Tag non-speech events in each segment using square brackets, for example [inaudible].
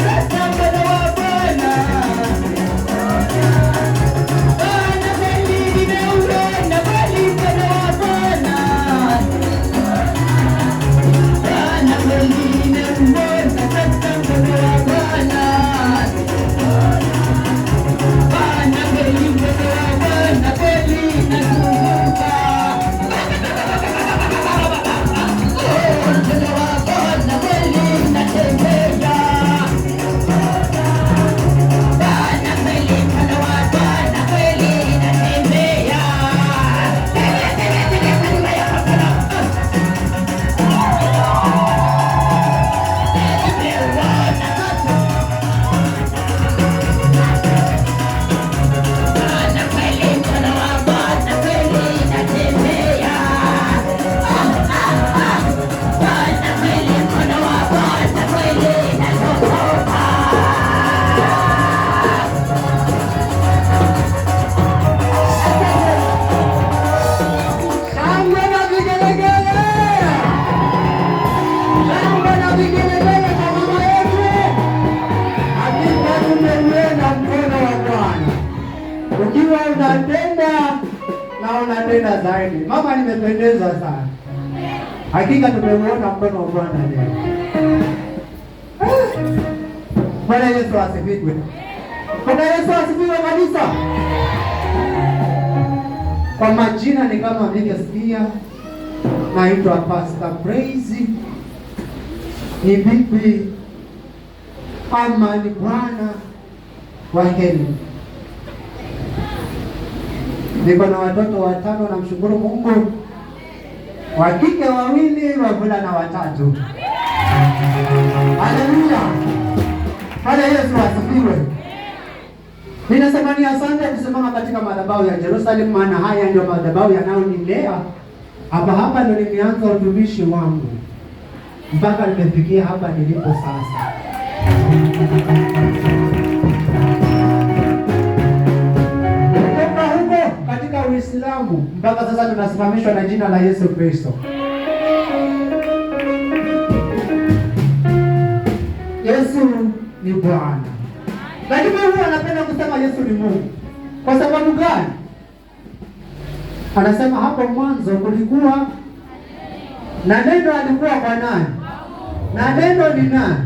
Let's go. Bwana leo. Bwana Yesu asifiwe. Bwana Yesu asifiwe kabisa. Kwa majina ni kama mlivyosikia, naitwa Pastor Praise. Ni bibi ama ni bwana wa heri. Niko na watoto watano, namshukuru Mungu wakike wawili, wavulana watatu. Haleluya, Bwana Yesu asifiwe. Ninasema ni asante kusimama katika madhabahu ya Jerusalem, maana haya ndio madhabahu yanayonilea. Hapa hapa ndio nimeanza utumishi wangu mpaka nimefikia hapa nilipo sasa. wangu, mpaka sasa tunasimamishwa na jina la Yesu Kristo. Yesu ni Bwana, lakini huwa anapenda kusema Yesu ni Mungu. Kwa sababu gani? Anasema hapo mwanzo kulikuwa na neno, alikuwa kwa nani na neno ni nani?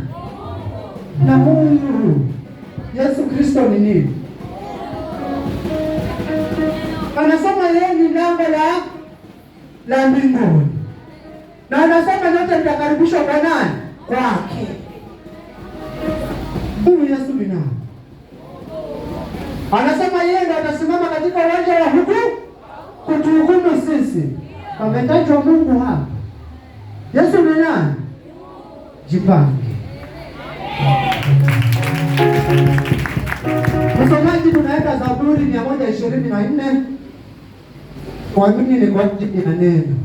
Na Mungu. Yesu Kristo ni nini? Anasema yeye ni lango la la mbinguni, na anasema nyote mtakaribishwa kwa nani? Kwake. Huyu Yesu ni Anasema yeye ndiye atasimama katika uwanja wa hukumu kutuhukumu sisi. Pametajwa Mungu hapa. Yesu ni nani? Jipange. Msomaji, tunaenda Zaburi mia moja ishirini na nne kwa nini nikuajili na neno?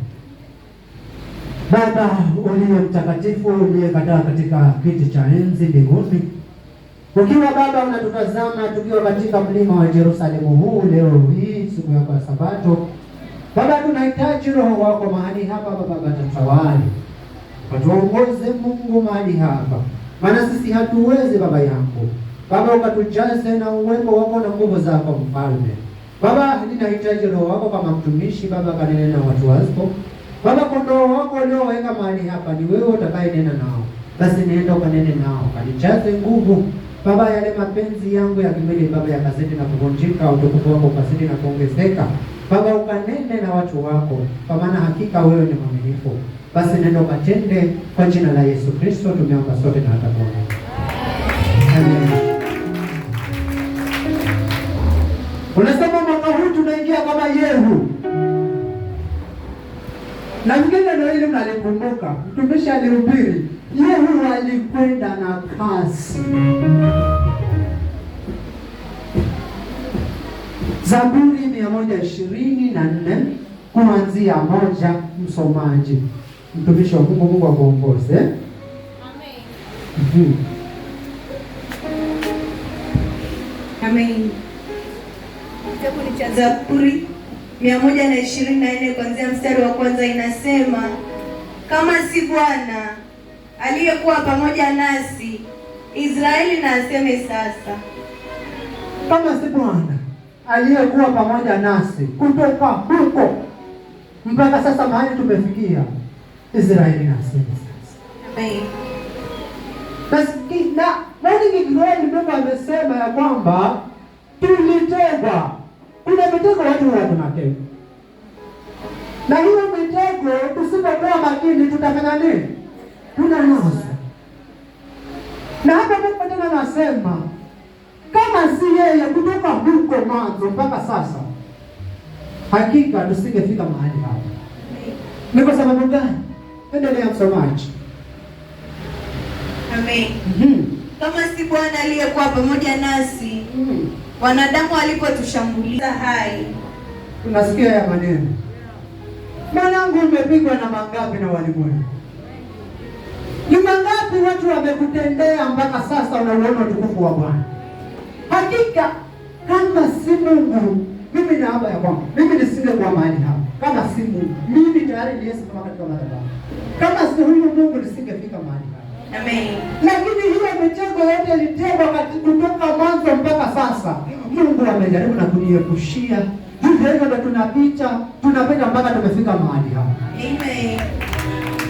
Baba uliye mtakatifu, uliyekataa katika kiti cha enzi mbinguni, ukiwa Baba unatutazama tukiwa katika mlima wa Yerusalemu huu leo hii, siku yako ya Sabato. Baba, tunahitaji roho wako mahali hapa Baba, katatawali katuongoze Mungu mahali hapa, maana sisi hatuwezi Baba yangu. Baba, ukatujaze na uwepo wako na nguvu zako, Mfalme Baba, ninahitaji Roho wako kama mtumishi Baba, kanene na watu wako Baba. Kondoo wako walioweka mahali hapa ni wewe nena nao, basi nienda ukanene nao, kanijaze nguvu Baba, yale mapenzi yangu ya kimwili Baba yakazidi na kuvunjika, utukufu wako ukazidi na kuongezeka Baba, ukanene na watu wako, kwa maana hakika wewe ni mwaminifu. Basi nenda ukatende, kwa jina la Yesu Kristo tumeomba sote na hata Bwana, amen. Unasema mwaka huu tunaingia kama Yehu na mingine ndio ile mnalikumbuka, mtumishi alihubiri Yehu alikwenda na kasi. Zaburi mia moja ishirini na nne kuanzia moja. Msomaji mtumishi wa Mungu, Mungu akuongoze. Amen. Mhm. Amen kitabu ni cha Zaburi mia na kuanzia mstari wa kwanza inasema, kama si Bwana aliyekuwa pamoja nasi, Israeli na aseme sasa. Kama si Bwana aliyekuwa pamoja nasi kutoka huko mpaka sasa mahali tumefikia, Israeli na aseme sasa. Amen. Basi na nani kidogo amesema ya kwamba tulitegwa kuna mitego watu wanatutega, na hiyo mitego tusipokuwa makini tutafanya nini? Tunalazwa. Na hapa ndipo tena nasema kama si yeye kutoka huko mwanzo mpaka sasa, hakika tusingefika mahali hapa. Ni kwa sababu gani? Endelea msomaji. Amen. Mm -hmm. Kama si Bwana aliyekuwa pamoja nasi mm -hmm. Wanadamu walipotushambulia hai, tunasikia ya maneno mwanangu, umepigwa na mangapi na walimwengu? Ni mangapi watu wamekutendea mpaka sasa unauona utukufu wa Bwana? Hakika kama si Mungu, mimi na haba ya kwamba mimi nisingekuwa mahali hapa kama si Mungu. Mimi tayari niliyesimama katika madhabahu, kama si huyu Mungu nisingefika mahali hapa. Amen. Lakini hiyo mitego yote ilitengwa kutoka sasa Mungu amejaribu na kuniepushia hivyo hivyo, tunapita tunapenda mpaka tumefika mahali hapa.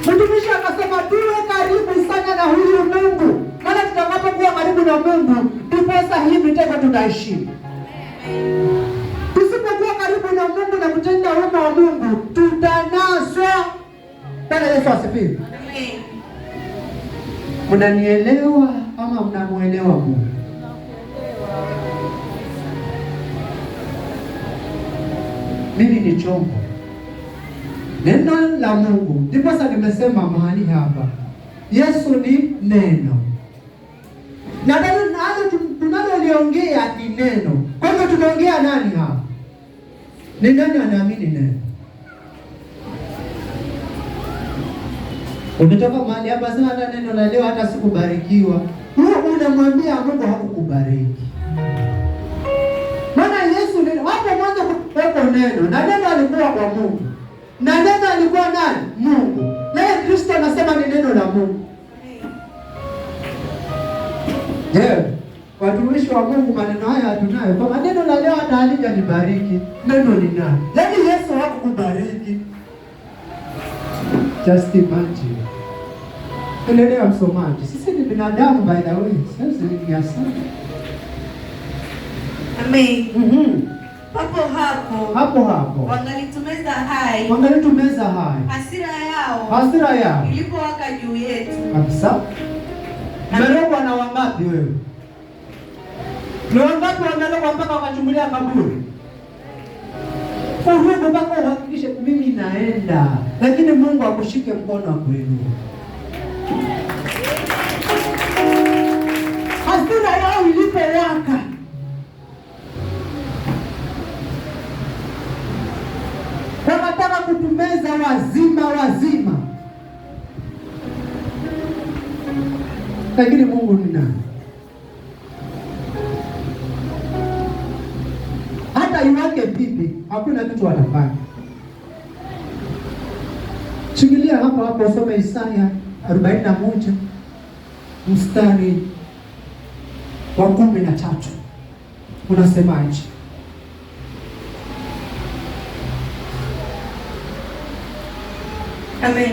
Mtumishi akasema tuwe karibu sana na huyu Mungu, maana tutakapokuwa karibu na Mungu ndipo sahihi mitego tunaishi. Tusipokuwa karibu na Mungu na kutenda wema wa Mungu tutanaswa. Bwana Yesu asifiwe. Mnanielewa ama mnamwelewa Mungu? mimi ni chombo neno la Mungu. Ndiposa nimesema mahali hapa Yesu ni neno, na tunaloliongea ni neno. Kwa hivyo tunaongea nani hapa? Ni nani anaamini neno? Ukitoka mahali hapa sana, neno la leo hata sikubarikiwa, unamwambia Mungu hakukubariki kuwepo neno na neno alikuwa kwa Mungu na neno alikuwa nani? Mungu. Naye Kristo anasema ni neno la Mungu. Je, yeah. Watumishi wa Mungu maneno haya hatunayo. Kwa maneno la leo hata halijanibariki. Neno ni nani? Yaani Yesu hakukubariki. Just imagine. Elewa msomaji, sisi ni binadamu by the way. Sisi ni asali. Amen. Mhm. Mm hapo hapo hapo hapo wangalitumeza hai, wangalitumeza hai, hasira yao, hasira yao ilipowaka juu yetu kabisa. Mmerogwa na wangapi? Wewe ni wangapi wamerogwa mpaka wakachungulia kaburi? Urugu mpaka uhakikishe mimi naenda, lakini Mungu akushike mkono wa kuinua. Hasira yao ilipowaka kutumeza wazima wazima, lakini Mungu ni nani? Hata iwake pipi, hakuna kitu wanafanya. Chingilia hapa hapa, usome Isaya 41 mstari wa kumi na tatu unasemaje? Amen.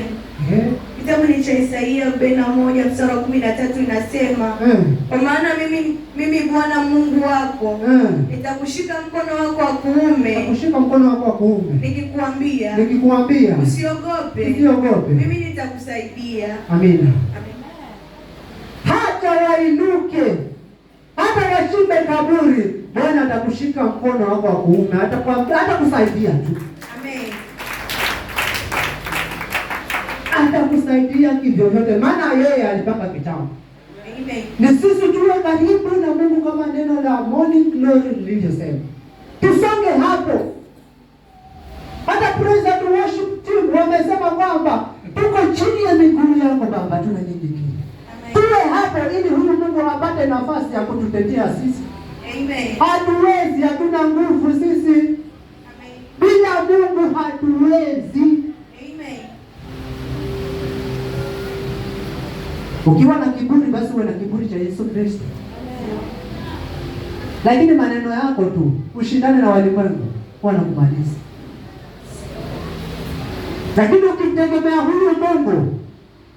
Hmm. Kitabu cha Isaia 41 mstari wa 13 inasema hmm, kwa maana mimi mimi Bwana Mungu wako eh. nitakushika mkono wako wa kuume, nitakushika mkono wako wa kuume, Nikikwambia. Nikikwambia. usiogope usiogope, mimi nitakusaidia. Amina. Amen. Hata wainuke hata washimbe kaburi, Bwana atakushika mkono wako wa kuume, atakusaidia tu atakusaidia kivyovyote, maana yeye alipaka kitambo. Ni sisi tuwe karibu na Mungu kama neno la Morning Glory lilivyosema, tusonge hapo. Hata praise and worship team wamesema kwamba tuko chini ya miguu yako Baba, tunanyenyekea tuwe hapo, ili huyu Mungu apate nafasi ya kututetea sisi. Hatuwezi, hatuna nguvu sisi, bila Mungu hatuwezi. Ukiwa na kiburi, basi uwe na kiburi cha Yesu Kristo, lakini maneno yako tu ushindane na walimwengu, wanakumaliza. Lakini ukimtegemea huyu Mungu,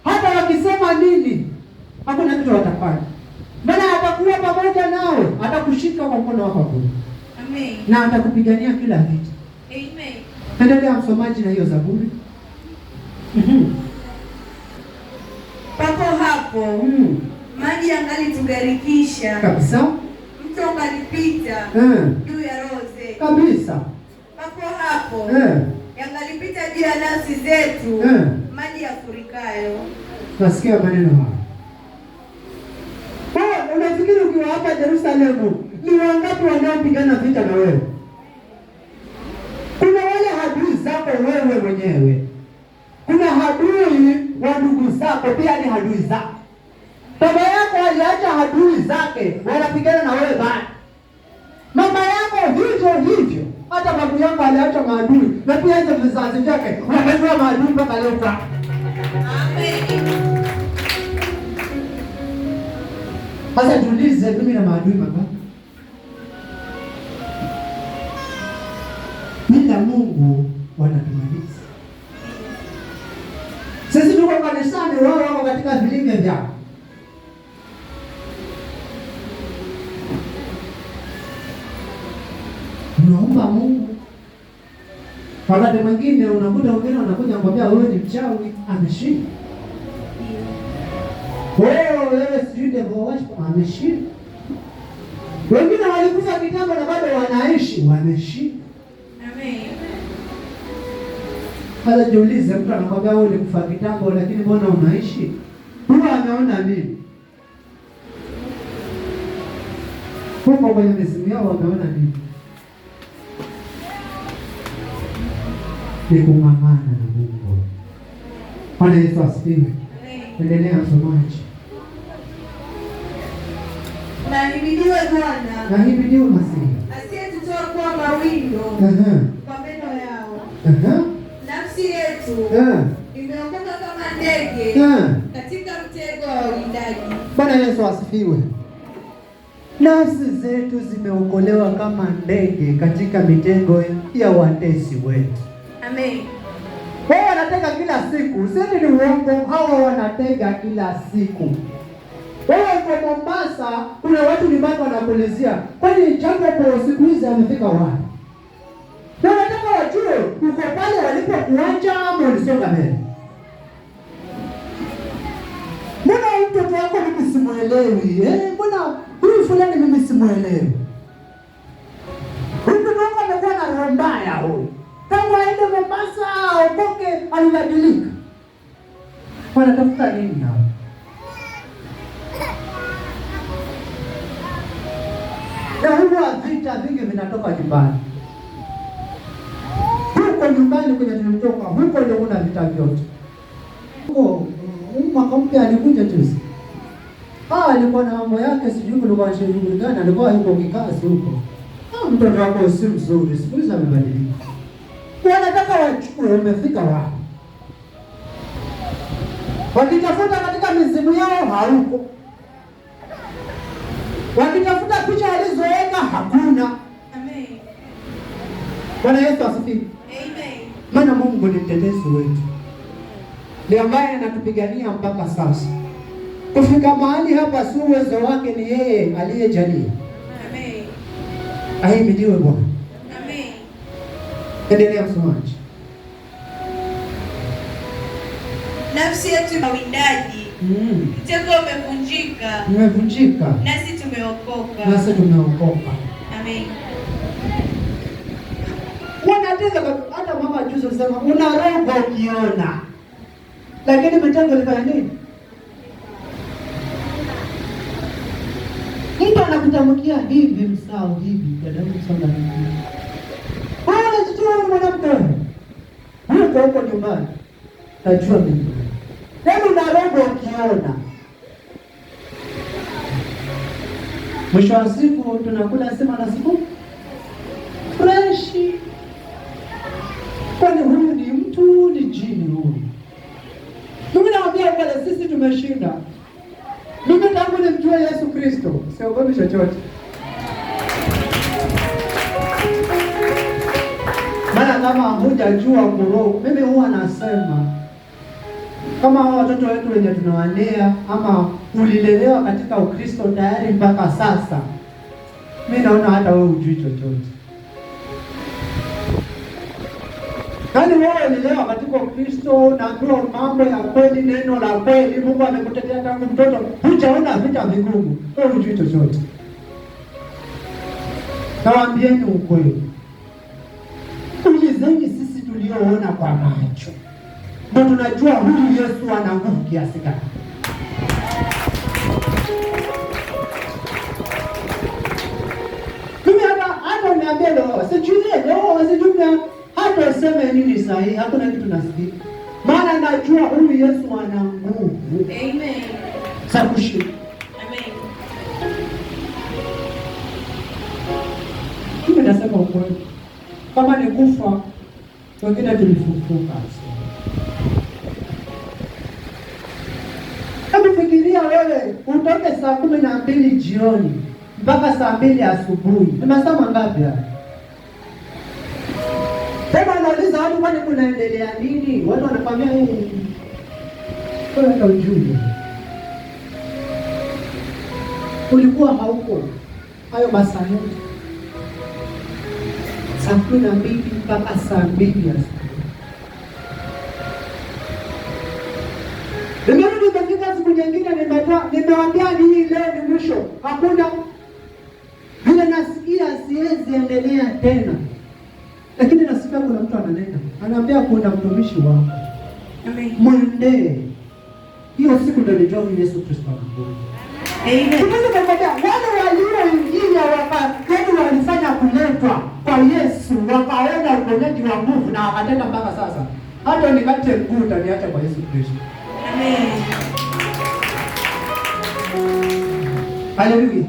hata wakisema nini, hakuna kitu watafanya, maana atakuwa pamoja nawe, atakushika kwa mkono wako mkuu na atakupigania kila kitu. Amen. Endelea msomaji na hiyo Zaburi. [laughs] yako mm. maji yangalitugarikisha kabisa, mto ungalipita eh. juu mm. ya roze kabisa, papo hapo mm. yangalipita juu ya nafsi zetu mm. maji yafurikayo. Nasikia maneno haya, unafikiri oh, ukiwa hapa Yerusalemu ni wangapi wanaopigana vita na wewe? Kuna wale hadui zako wewe mwenyewe kuna hadui wa ndugu zako pia ni hadui zako. Baba yako aliacha hadui zake na anapigana na wewe bana. Mama yako hivyo hivyo, hata babu yako aliacha maadui na pia hizo vizazi vyake wamezua maadui mpaka leo kwako. Sasa tuulize, mimi na maadui baba, Mimi na Mungu wanatumaliza kanisani, wao wako katika vilinge vya Unaomba Mungu. Wakati mwingine unakuta wengine wanakuja kwambia wewe ni mchawi, ameshinda. Wewe wewe sijui devil worship, ameshinda. Wengine walikuza kitambo na bado wanaishi, wameshinda. Sasa jiulize, mtu anakwambia wewe ulikufa kitambo, lakini mbona unaishi? Huwa ameona nini? Huko kwenye mizimu yao wameona nini? Ni kung'ang'ana na Mungu. Bwana Yesu asifiwe. Endelea msomaji. Nahimidiwe Bwana. Nahimidiwe Masihi. Asiyetutoa kwa mawindo. Kwa meno yao yetu eh. kama ndege eh. katika mtego wa Bwana Yesu asifiwe. Nafsi zetu zimeokolewa kama ndege katika mitego ya watesi wetu. Amen. Wao wanatega kila siku, sisi ni uongo. Hawa wanatega kila siku. Wewe uko Mombasa, kuna watu ni watu wanakuulizia, kwani kwa siku hizi amefika wapi? wewe tu uko pale ama ulisonga mbele? Mbona mtoto wako mimi simuelewi eh? Mbona huyu fulani mimi simuelewi? Mtoto wako amekuwa na roho mbaya huyu, tangu aende Mombasa aokoke alibadilika. Wanatafuta nini Na huwa vita vingi vinatoka nyumbani. mke alikuja juzi. Ah, alikuwa na mambo yake, sijui kulikuwa na shughuli gani, alikuwa yuko kikazi huko. Ah, mtoto wako si mzuri, siku hizi amebadilika. Wanataka wachukue, umefika wapi? Wakitafuta katika mizimu yao hauko, wakitafuta picha alizoweka hakuna. Amen. Bwana Yesu asifiwe. Amen. Maana Mungu ni mtetezi wetu ni ambaye anatupigania mpaka sasa kufika mahali hapa, si uwezo wake, ni yeye aliyejalia. Amen, ahimidiwe Bwana. Amen, endelea msomaji. Nafsi yetu mawindaji, mtego mm. umevunjika, umevunjika, nasi tumeokoka, nasi tumeokoka. Amen. Wanateza hata mama juzi sema una roho ukiona lakini Mitengo alifanya nini? Mtu anakutamkia hivi, msao hivi, dada sana hivi, mwanamke huko huko nyumbani, najua mimi na unarogo akiona, Mwisho wa siku tunakula sema na siku freshi, kwani huyu ni mtu? Ni jini huyu na sisi tumeshinda. Mimi tangu nimjue Yesu Kristo siogopi chochote, maana kama hujajua kuroho, mimi huwa nasema kama hao watoto wetu wenye tunawalea ama ulilelewa katika Ukristo tayari mpaka sasa, mi naona hata wewe hujui chochote. Kani wewe lelewa katika Kristo na ndio mambo ya kweli, neno la kweli. Mungu amekutetea tangu mtoto, hujaona vita vigumu, wewe hujui chochote. Nawaambieni ukweli, ulizeni sisi tulioona kwa macho ndio tunajua huyu Yesu ana nguvu kiasi gani. Mimi hata hata niambie leo, sijui leo, sijui niseme nini sahihi, hakuna kitu nasikia, maana najua huyu Yesu ana nguvu Amen. za Amen. Mimi nasema ukweli, kama ni kufa, wengine tulifufuka. Hebu fikiria wewe utoke saa kumi na mbili jioni mpaka saa mbili asubuhi, ni masaa mangapi? haya? Sema anauliza watu, kwani kunaendelea nini? Watu wanakwambia Kwa ujumbe. ulikuwa hauko hayo masaa yote, saa kumi na mbili mpaka saa mbili ya Nimerudi siku nyingine, nimewambia hii leo ni mwisho, hakuna vile, nasikia siwezi endelea tena. Lakini nasikia kuna mtu ananena, anaambia kuna mtumishi wako mwendee. Hiyo siku ndio nilijua huyu Yesu Kristo wale yaani walioingia wakakeni yaani walifanya kuletwa kwa Yesu, wakaona uponyaji wa nguvu na wakatenda mpaka sasa. Hata nikate mguu utaniacha kwa Yesu Kristo. Haleluya.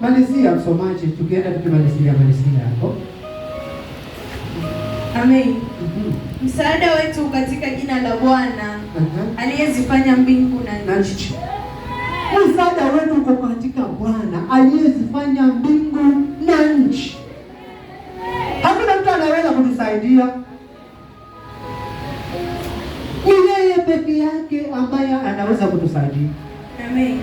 Malizia msomaji, tukienda tukimalizia malizia hapo. Amen. Mm-hmm. Msaada wetu katika jina la Bwana mm-hmm. aliyezifanya mbingu na nchi. Msaada wetu uko katika Bwana aliyezifanya mbingu na nchi. Hakuna mtu anaweza kutusaidia, ni yeye peke yake ambaye anaweza kutusaidia. Amen.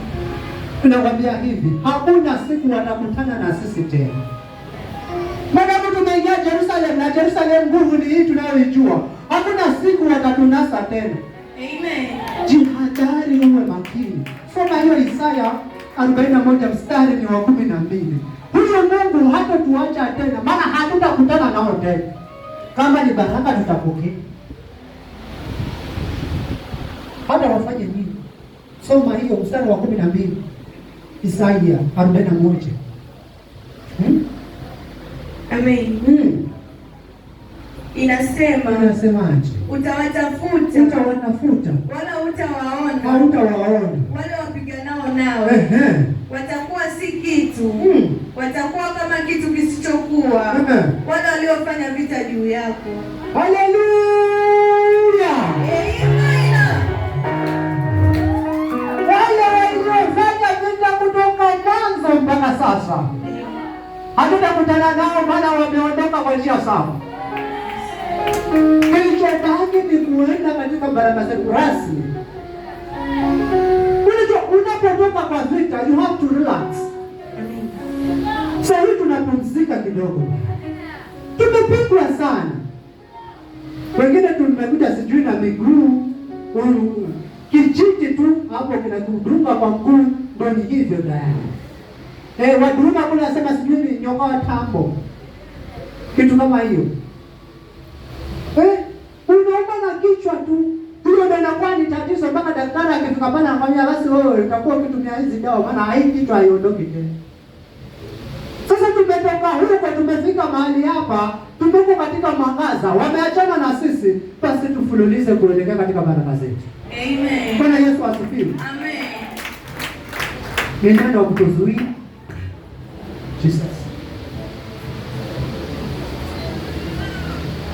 Tunakwambia hivi, hakuna siku watakutana na sisi tena tumeingia Jerusalem na Jerusalem nguvu ni hii tunayoijua. Hakuna siku watatunasa tena. Amen. Jihadhari, uwe makini. Soma hiyo Isaya 41 mstari ni wa 12. Huyo Mungu tuacha tena, maana hatutakutana nao tena. Kama ni baraka tutapokea. Hata wafanye nini? Soma hiyo mstari wa 12. Isaya 41. Hmm? Amen. Mm. Inasema, inasemaje? Utawatafuta, utawatafuta wala utawaona, wala utawaona wale wapiganao nao, ehe, watakuwa si kitu mm. Watakuwa kama kitu kisichokuwa, wale waliofanya vita juu yako. Haleluya! Wale waliofanya vita kutoka mwanzo mpaka sasa hatutakutana nao, maana wameondoka kwa njia sawa. Kilichotaki ni kuenda katika barabara zetu rasmi. Unapotoka kwa vita, you have to relax. Sasa hivi tunapumzika kidogo, tumepigwa sana, wengine tumekuja sijui na miguu huyu kijiti tu hapo kinakudunga kwa mguu, ndio ni hivyo tayari. Eh, waduruma kuna nasema sijui wa tambo. Kitu kama hiyo. Eh, unaomba na kichwa tu. Hiyo ndio inakuwa ni tatizo mpaka daktari akifika pale anamwambia basi wewe utakuwa ukitumia hizi dawa maana hii kichwa haiondoki tena. Sasa tumetoka huko tumefika mahali hapa, tumeko katika mwangaza, wameachana na sisi, basi tufululize kuelekea katika baraka zetu. Amen. Bwana Yesu asifiwe. Amen. Ni nani wa kutuzuia? Jesus.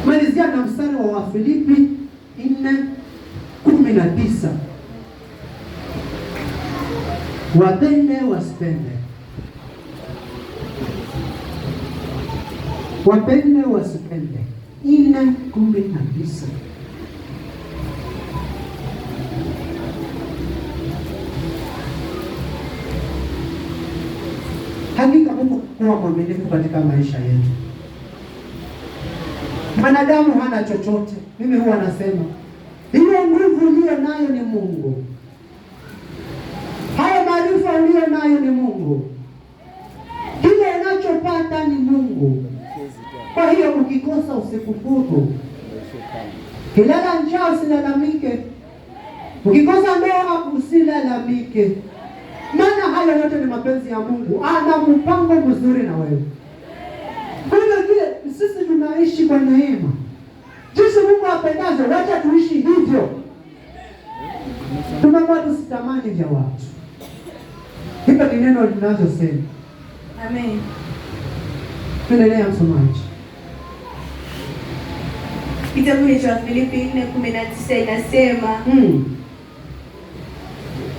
Malizia na mstari wa Wafilipi 4:19 wapende wasipende, wapende wasipende, 4:19 hakika kuwa mwaminifu katika maisha yetu. Mwanadamu hana chochote. Mimi huwa nasema hiyo nguvu uliyo nayo ni Mungu, hayo maarifa uliyo nayo ni Mungu, kile unachopata ni Mungu. Kwa hiyo ukikosa usikufuru, kilala njaa usilalamike, ukikosa ndoa usilalamike. Maana hayo yote ni mapenzi ya Mungu, ana mpango mzuri na wewe. Vile sisi tunaishi kwa neema, jinsi Mungu apendazo. Wacha tuishi hivyo, tumeamua tusitamani vya watu. hivyo ni neno linazosema. Amen. Tuendelea msomaji. Kitabu cha Filipi 4:19 inasema mm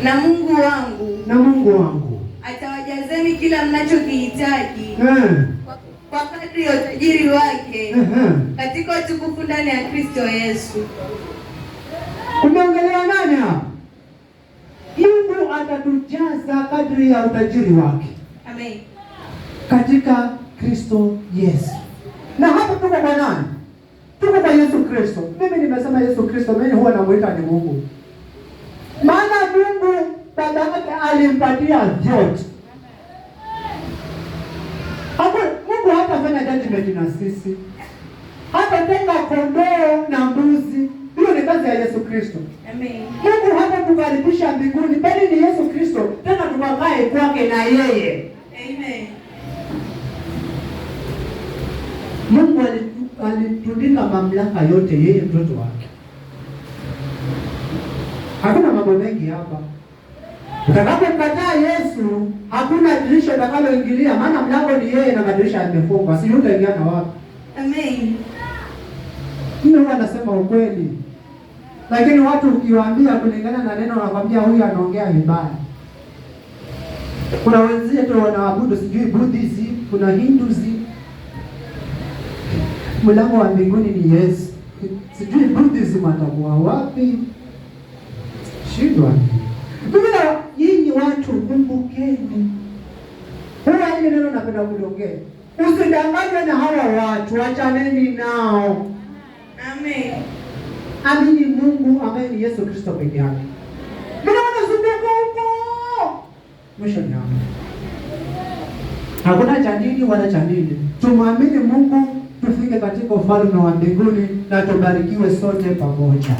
na Mungu wangu na Mungu wangu atawajazeni kila mnachokihitaji kwa, eh. kwa kadri ya utajiri wake eh, eh. katika utukufu ndani ya Kristo Yesu. Umeongelea nani hapa? Mungu atatujaza kadri ya utajiri wake. Amen. Katika Kristo Yesu. Na hapa tuko kwa nani? Tuko kwa Yesu Kristo. Mimi nimesema Yesu Kristo, mimi huwa namuita ni Mungu maana Mungu baba yake alimpatia vyote. Hapo Mungu hatafanya judgment na sisi, hatatenga kondoo na mbuzi. Hiyo ni kazi ya Yesu Kristo. Amen. Mungu hata tukaribisha mbinguni, bali ni Yesu Kristo tena tukakae kwake na yeye. Amen. Mungu alitundika mamlaka yote yeye mtoto wake Hakuna mambo mengi hapa. Utakapokataa Yesu, hakuna dirisha utakaloingilia, maana mlango ni yeye na madirisha yamefungwa, si utaingia na wapi? Amen. Mimi huwa nasema ukweli, lakini watu ukiwaambia kulingana na neno, wanakwambia huyu anaongea vibaya. Kuna wenzetu wanaabudu sijui Buddhism, kuna Hinduism. Mlango wa mbinguni ni Yesu. Sijui Buddhism atakuwa wapi mtashindwa. Biblia, nyinyi watu kumbukeni, huwa ile neno napenda kuliongea, usidanganywe na hawa watu, wachaneni nao. Amen. Amini Mungu ambaye ni Yesu Kristo peke yake. Mbona wanazunguka huko? Mwisho ni hapo. Hakuna cha dini wala cha Tumwamini Mungu tufike katika ufalme wa mbinguni na tubarikiwe sote pamoja.